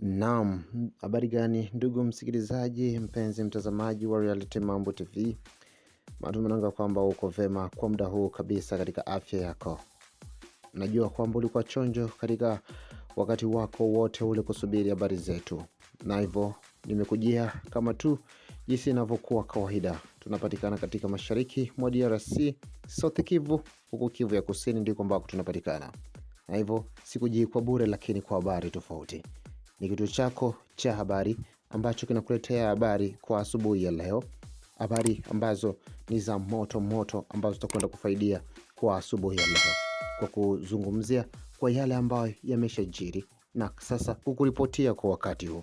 Naam, habari gani ndugu msikilizaji, mpenzi mtazamaji wa Reality Mambo TV. Matumaini yangu kwamba uko vema kwa muda huu kabisa katika afya yako. Najua kwamba ulikuwa chonjo katika wakati wako wote ule kusubiri habari zetu, na hivyo nimekujia kama tu jinsi inavyokuwa kawaida. Tunapatikana katika mashariki mwa DRC, South Kivu, huku Kivu ya Kusini ndiko ambako tunapatikana, na hivyo sikujii kwa bure, lakini kwa habari tofauti ni kituo chako cha habari ambacho kinakuletea habari kwa asubuhi ya leo, habari ambazo ni za moto moto ambazo zitakwenda kufaidia kwa asubuhi ya leo kwa kuzungumzia kwa yale ambayo yameshajiri na sasa kukuripotia kwa wakati huu.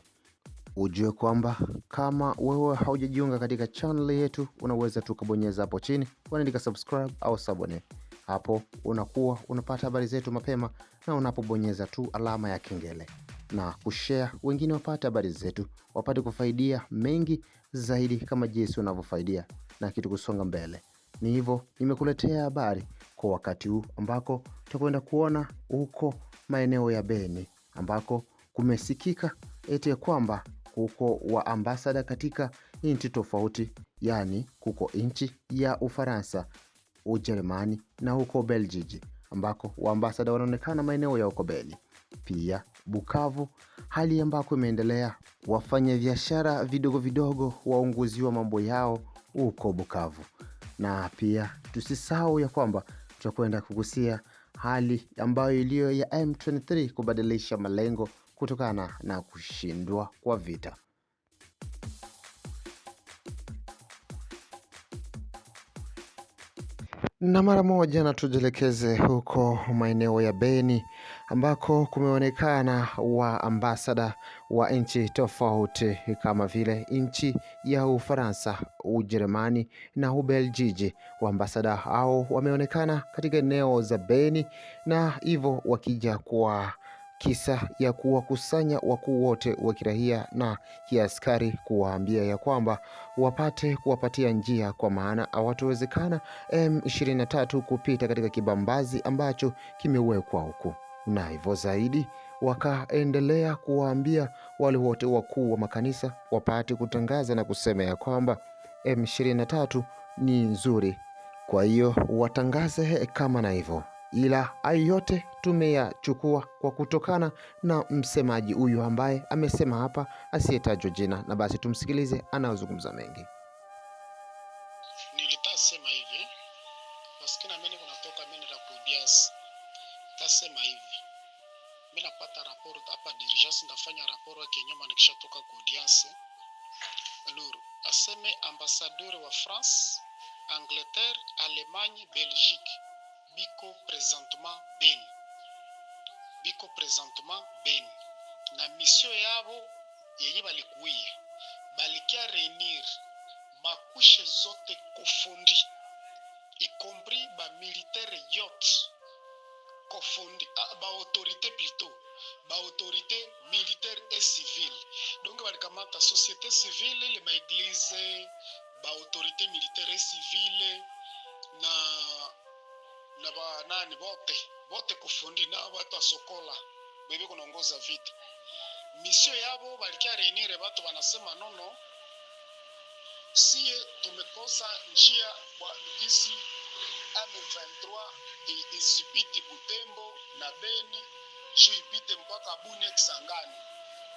Ujue kwamba kama wewe haujajiunga katika channel yetu, unaweza tu kubonyeza hapo chini unaandika subscribe au sabone. Hapo unakuwa unapata habari zetu mapema na unapobonyeza tu alama ya kengele na kushare, wengine wapate habari zetu, wapate kufaidia mengi zaidi kama jinsi unavyofaidia na kitu kusonga mbele. Ni hivyo nimekuletea habari kwa wakati huu ambako tutakwenda kuona huko maeneo ya Beni ambako kumesikika eti ya kwamba kuko wa ambasada katika nchi tofauti, yaani kuko nchi ya Ufaransa, Ujerumani na huko Belgiji ambako waambasada wanaonekana maeneo ya huko Beni pia Bukavu, hali ambako imeendelea wafanya biashara vidogo vidogo waunguziwa mambo yao huko Bukavu, na pia tusisahau ya kwamba tutakwenda kugusia hali ambayo iliyo ya M23 kubadilisha malengo kutokana na kushindwa kwa vita. Na mara moja na tujielekeze huko maeneo ya Beni ambako kumeonekana wa ambasada wa nchi tofauti kama vile nchi ya Ufaransa, Ujerumani na Ubeljiji. Waambasada hao wameonekana katika eneo za Beni na hivyo wakija kwa kisa ya kuwakusanya wakuu wote wa kiraia na kiaskari kuwaambia ya kwamba wapate kuwapatia njia, kwa maana hawatowezekana M23 kupita katika kibambazi ambacho kimewekwa huku na hivyo zaidi wakaendelea kuwaambia wale wote wakuu wa makanisa wapate kutangaza na kusema ya kwamba M23 ni nzuri, kwa hiyo watangaze kama na hivyo. Ila hayo yote tumeyachukua kwa kutokana na msemaji huyu ambaye amesema hapa asiyetajwa jina, na basi tumsikilize anayozungumza mengi. Nilitasema hivi maskini mimi kunatoka mimi la tasema hivi mi napata raporo hapa dirigence, ndafanya raporo yake nyuma, nikishatoka kwa audience luru aseme ambassadeur wa France, Angleterre, Allemagne, Belgique biko presentement Beni, biko presentement Beni na misio yabo yenye balikuia balikia reunir makushe zote kufundi ikombri ba militaire yote confondu ah, baautorité plutôt baautorité militaire et civile donc balikamata société civile le maeglize baautorité militaire et civile na na banani bote bote kofundi na bato ya sokola bebe konongoza vita misio yabo balikia reunire bato banasema nono sie eh, tumekosa njia kwa jinsi M23 izipiti Butembo na Beni juu ipite mpaka Bunia Kisangani.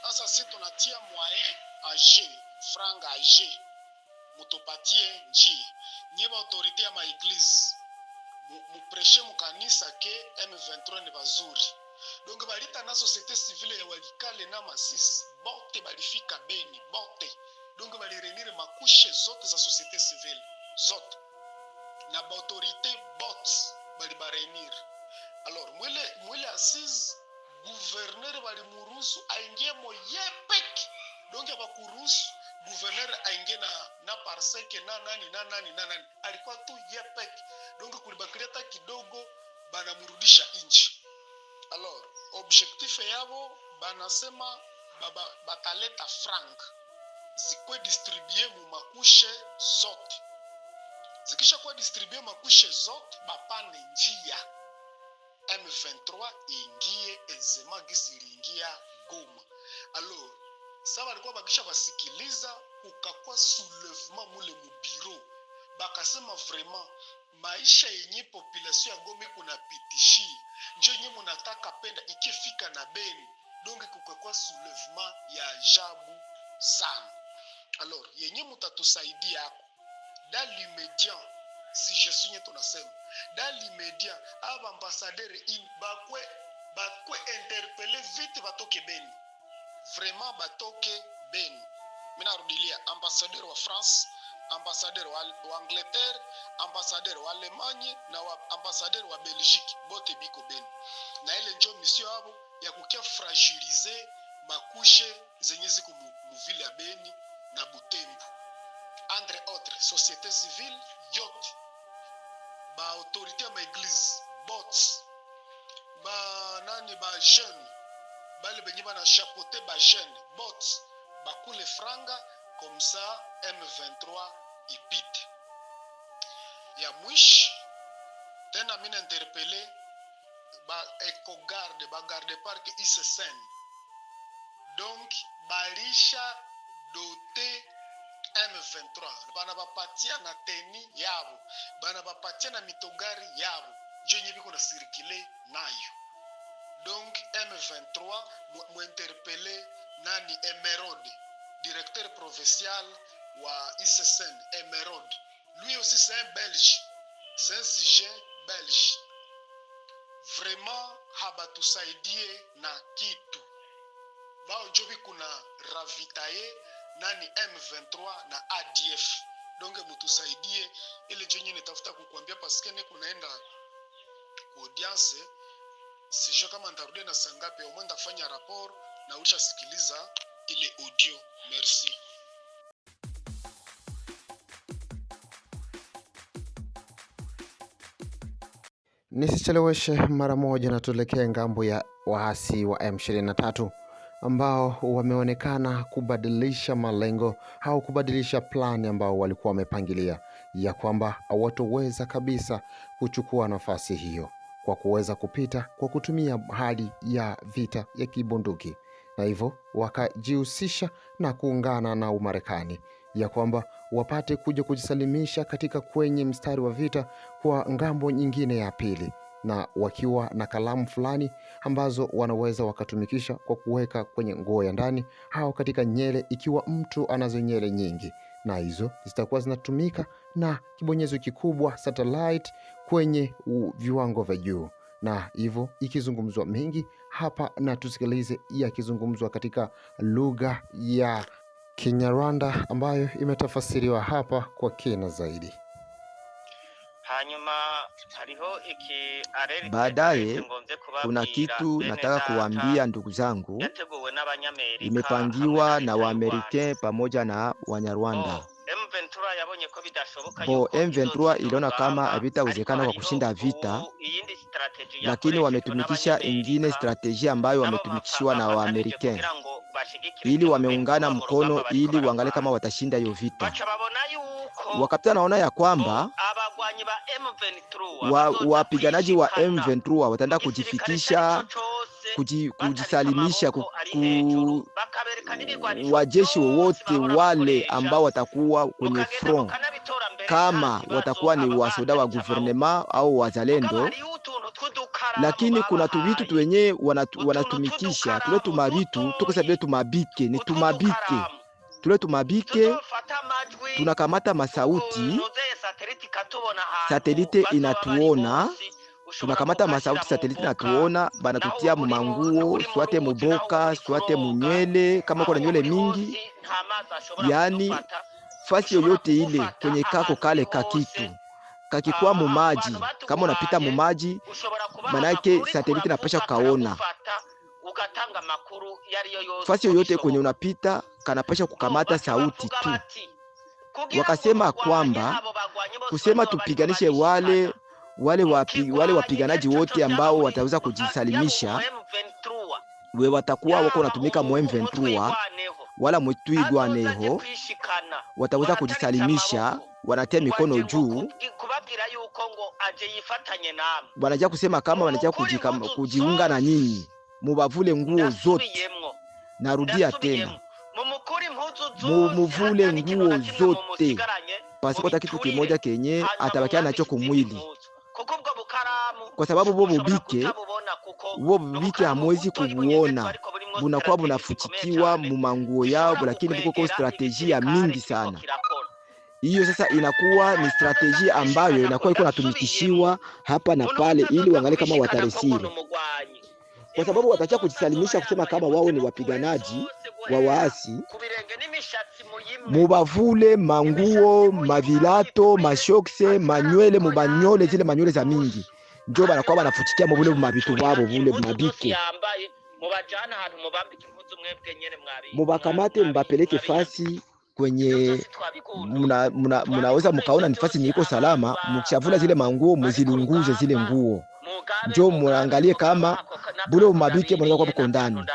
Sasa si tunatia moyen age franc age mutupatie njia nye baautorité ya maeglize mupreshe mukanisa ke M23 ni bazuri donk balita na société civile ya walikale na masisi bote balifika Beni bote donk balirenire makushe zote za société civile zote na baautorité bote bali barenir alors mwile, mwile assise guverner balimuruhusu aingie moye yepek donge abakurusu guverner ainge na, na parseke na nani na nani na nani alikuwa tu ye peke donge kulibakilia hata kidogo banamurudisha nchi alors objectif yabo banasema bataleta ba, ba frank zikwe distribue mumakushe zote zikishakuwa distribue makushe zote bapane njia m23 ingie ezema gisi iliingia goma alo sa balikuwa bakisha basikiliza kukakuwa soulevement mule mubiro bakasema vraiment maisha yenye population ya goma iko napitishie njo yenye munataka penda ikifika na beni donge kukakuwa soulevement ya ajabu sana alor yenye mutatusaidia ako dans l'immédiat si je signe ton nsema dans l'immédiat ambassadeur il bakwe bakwe interpeller vite batoke Ben. vraiment batoke beni minarudilia ambassadeur de france ambassadeur de angleterre ambassadeur wa allemagne na ambassadeur belgique bote biko beni na ele njo misio abo ya kokia fragilize makushe a ziko a beni na butembu entre autres société civile yote baautorité ya baeglise bots banani bajeune bale bengi bana chapeauté bajeune bots bakule franga comme ça m23 ipite ya mwishi tena mina interpele baecogarde bagarde parke isesen donc balisha dote M23 bana bapatia na teni yabo, bana bapatia na mitogari yabo jenye biko na sirikile nayo. Donc M23 muinterpele nani Emerode, directeur provincial wa ICCN Emerode. Lui aussi c'est un belge. C'est un sujet belge. Vraiment habatusaidie na kitu. Bao jobi kuna ravitaye nani M23 na ADF. Donge eh, mutusaidie ile jenye nitafuta kukuambia paske ni kunaenda ku audience sijo kama nitarudia na saa ngapi, au mwenda fanya rapport na sikiliza ile audio. Merci. Nisicheleweshe mara moja na tuelekee ngambo ya waasi wa M23 ambao wameonekana kubadilisha malengo au kubadilisha plani ambao walikuwa wamepangilia ya kwamba hawatoweza kabisa kuchukua nafasi hiyo kwa kuweza kupita kwa kutumia hali ya vita ya kibunduki, na hivyo wakajihusisha na kuungana na Umarekani ya kwamba wapate kuja kujisalimisha katika kwenye mstari wa vita kwa ngambo nyingine ya pili na wakiwa na kalamu fulani ambazo wanaweza wakatumikisha kwa kuweka kwenye nguo ya ndani au katika nyele, ikiwa mtu anazo nyele nyingi, na hizo zitakuwa zinatumika na kibonyezo kikubwa satellite kwenye viwango vya juu. Na hivyo ikizungumzwa mengi hapa, na tusikilize yakizungumzwa katika lugha ya Kinyarwanda ambayo imetafasiriwa hapa kwa kina zaidi. Baadaye kuna kitu nataka kuwambia ndugu zangu, imepangiwa na Waamerikain pamoja na Wanyarwanda. Oh, po M23 iliona kama havitawezekana kwa kushinda vita, lakini wametumikisha ingine strategia ambayo wametumikishiwa na Waamerikain ili wameungana mkono ili waangalie kama watashinda hiyo vita. Wakapita naona ya kwamba oh, wapiganaji wa, wa M23 wataenda kujifikisha kuji, kujisalimisha ku, ku, wajeshi wowote wale ambao watakuwa kwenye front, kama watakuwa ni wasoda wa guvernema au wazalendo lakini kuna tuvitu twenye wanatumikisha tule tumavitu tukosabile tumabike ni tumabike tule tumabike tunakamata masauti satelite inatuona tunakamata masauti sateliti natuona, banatutia mumanguo swate muboka swate munywele, kama kuna nywele mingi, yani fasi yoyote ile kwenye kako kale kakitu kakikuwa ah, mumaji, kama unapita mumaji, manake satelite napasha kukaona fasi yoyote kwenye unapita, kanapasha kukamata sauti tu. Wakasema kwamba kusema tupiganishe wale wale wapi, wale wapiganaji wote ambao wataweza kujisalimisha, we watakuwa wako wanatumika mu M23 wala neho wataweza kujisalimisha, wanatia mikono juu, wanajia kusema kama wanajia kujiunga na nyinyi, mubavule nguo zote. Narudia tena, mumuvule nguo zote pasipota kitu kimoja kenye atabakia nacho kumwili, kwa sababu bo bubike bo bubike amwezi kubuona, bunakuwa bunafuchikiwa mu manguo yao, lakini buko kwa strategia mingi sana hiyo sasa inakuwa ni strategia ambayo inakuwa iko natumikishiwa hapa na pale, ili waangalie kama wataresiri kwa sababu watacha kujisalimisha kusema kama wao ni wapiganaji wa waasi, mubavule manguo, mavilato, mashokse, manywele, mubanyole zile manywele za mingi, njo banakuwa banafuchikia mubule mumabitu babo bule mumabiku mubakamate mbapeleke fasi kwenye muna, muna, munaweza mukaona nifasi niiko salama. Mukishavula zile manguo muzilunguze zile nguo njo muangalie kama bule umabike bunaweza kwa buko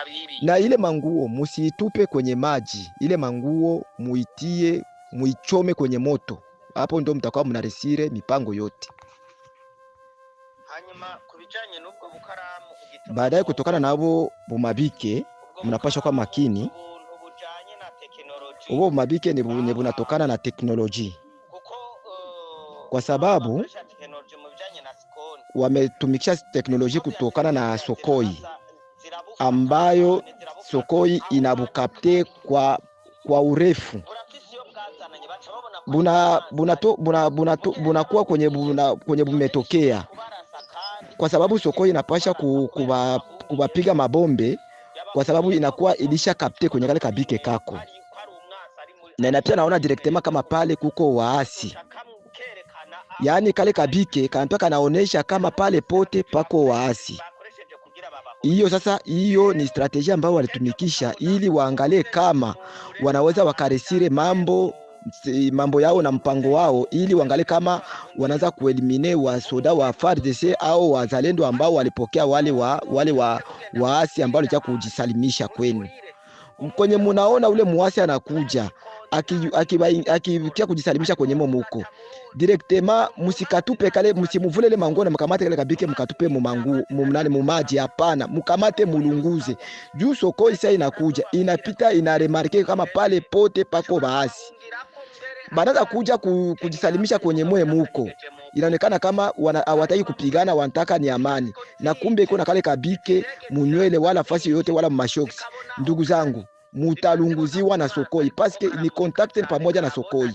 Na ile manguo musiitupe kwenye maji, ile manguo muitie, muichome kwenye moto. Hapo ndo mtakuwa munaresire mipango yote. Baadaye kutokana nabo bumabike, mnapasha kwa makini. Ubo bumabike ni bunatokana na teknoloji kwa sababu wametumikisha teknoloji kutokana na sokoi ambayo sokoi inabukapte kwa, kwa urefu bunakuwa buna buna, buna buna kwenye, buna, kwenye bumetokea kwa sababu sokoi inapasha kuba, kubapiga mabombe kwa sababu inakuwa ilisha kapte kwenye kale kabike kako na inapia naona direktema kama pale kuko waasi yaani kale kabike kanampia kanaonesha kama pale pote pako waasi. Hiyo sasa, hiyo ni strategia ambayo walitumikisha ili waangalie kama wanaweza wakaresire mambo mambo yao na mpango wao, ili waangalie kama wanaweza kuelimine wasoda wa FARDC au wazalendo ambao walipokea wale wa, wale wa waasi ambao walicha kujisalimisha kwenu. Kwenye munaona ule muasi anakuja akivutia kujisalimisha kwenye momuko directement, musikatupe kale, musimuvule ile manguo mkamate kale kabike, mkatupe mumangu mumnani mumaji. Hapana, mkamate mulunguze juu soko isa inakuja inapita inaremarke kama pale pote pako basi banaza kuja ku, kujisalimisha kwenye mwe muko inaonekana kama hawataki kupigana, wanataka ni amani, na kumbe iko na kale kabike munywele wala fasi yoyote wala mashoksi. Ndugu zangu, mutalunguziwa na sokoi paske ni kontakte pamoja na sokoi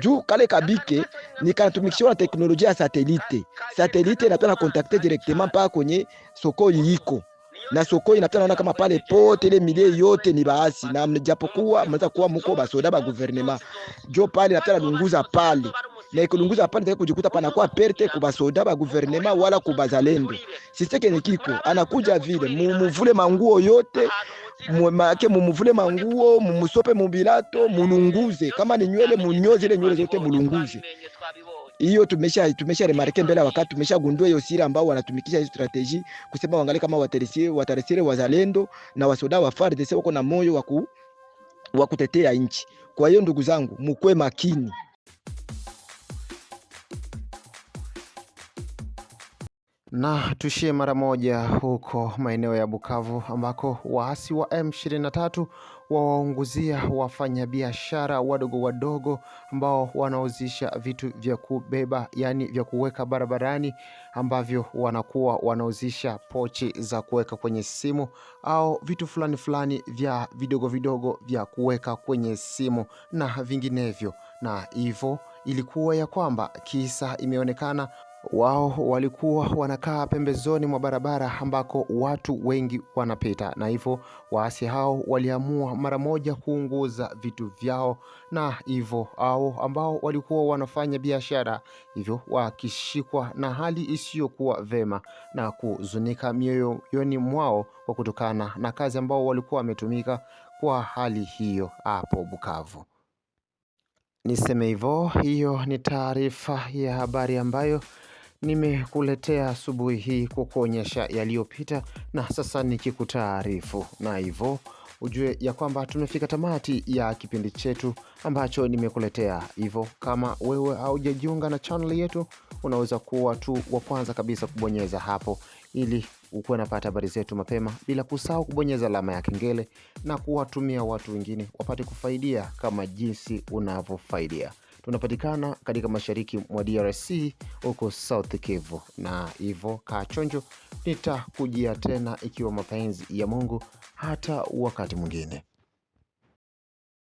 juu kale kabike ni nikanatumikishiwa na teknolojia ya satelite. Satelite inapia na kontakte directement mpaka kwenye sokoi iko na sokoi inapia, naona kama pale pote ile milie yote ni baasi, na mjapokuwa mnaweza kuwa mko basoda ba gouvernement jo pale inapia nalunguza pale na ikulunguza pale ndio kujikuta pana kwa perte kwa basoda ba gouvernement wala kwa bazalendo kubazalendo siseke kiko anakuja vile mumuvule manguo yote make mumuvule manguo mumusope mubilato mulunguze, kama ni nywele munyoze ile nywele zote mulunguze. Hiyo tumesha tumesha remarke mbele wakati tumesha gundua hiyo siri ambao wanatumikisha hiyo strategy kusema wangalie kama waterisier waterisier wazalendo na wasoda wa FARDC wako na moyo wa kutetea nchi. Kwa hiyo ndugu zangu, mukwe makini. Na tushie mara moja huko maeneo ya Bukavu ambako waasi wa M23 wawaunguzia wafanyabiashara wadogo wadogo ambao wanauzisha vitu vya kubeba, yaani vya kuweka barabarani, ambavyo wanakuwa wanauzisha pochi za kuweka kwenye simu au vitu fulani fulani vya vidogo vidogo vya kuweka kwenye simu na vinginevyo, na hivyo ilikuwa ya kwamba kisa imeonekana wao walikuwa wanakaa pembezoni mwa barabara ambako watu wengi wanapita, na hivyo waasi hao waliamua mara moja kuunguza vitu vyao, na hivyo hao ambao walikuwa wanafanya biashara hivyo wakishikwa na hali isiyokuwa vema na kuzunika mioyoni mwao kwa kutokana na kazi ambao walikuwa wametumika kwa hali hiyo hapo Bukavu. Niseme hivyo, hiyo ni taarifa ya habari ambayo nimekuletea asubuhi hii kukuonyesha yaliyopita na sasa nikikutaarifu, na hivyo ujue ya kwamba tumefika tamati ya kipindi chetu ambacho nimekuletea. Hivyo kama wewe haujajiunga na chanel yetu, unaweza kuwa tu wa kwanza kabisa kubonyeza hapo ili ukuwe napata habari zetu mapema, bila kusahau kubonyeza alama ya kengele na kuwatumia watu wengine wapate kufaidia kama jinsi unavyofaidia tunapatikana katika mashariki mwa DRC huko South Kivu, na hivyo kaa chonjo, nitakujia tena ikiwa mapenzi ya Mungu hata wakati mwingine.